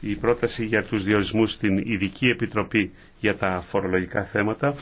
η πρόταση για τους διορισμούς στην Ειδική Επιτροπή για τα φορολογικά θέματα